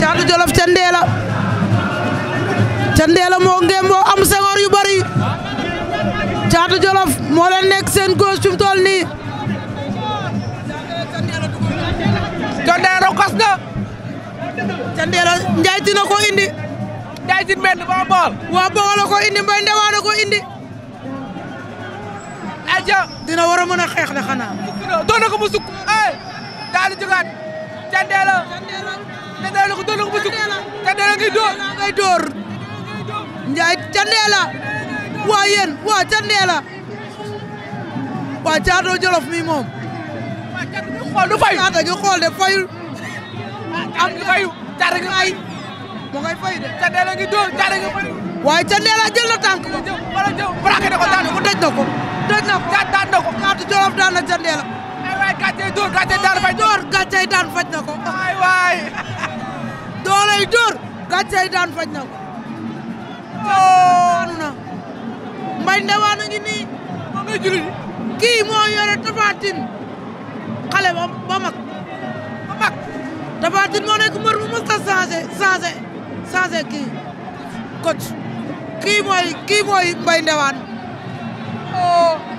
Caatu Jolof ca Ndeela ca Ndeela moo am sengoor yu bari Caatu Jolof moo leen nekk seen góos fi nii Pera Ndiaye ko indi. waa bool ko indi Mbaye Ndewane ko indi. dina war a mën a xeex de xanaa. doon ko mu sukk. daal di jugaat. Jandeela. waa yéen waa Jandeela. waa Caado moom. waaw gi xool de fayu. caare gi fay ma koy fay de ca Ndéla ngi dóor caare gi fay waaye ca Ndéla jël na tànk ba jëm wala jëm braqué na ko daan na ko dëj na ko dëj na ko daan daan na ko naatu Jolof daan na ca Ndéla ay waay gàccey dóor gàccey daan faj dóor gàccey daan faj na ko ay waay doolay dóor gàccey daan faj na ko oonu na mbay ndewaan a ngi nii ma nga juli kii moo yore Tapha Tine xale ba mag ba mag Tapha Tine moo ne changé changé changé kii coach kii mooy kii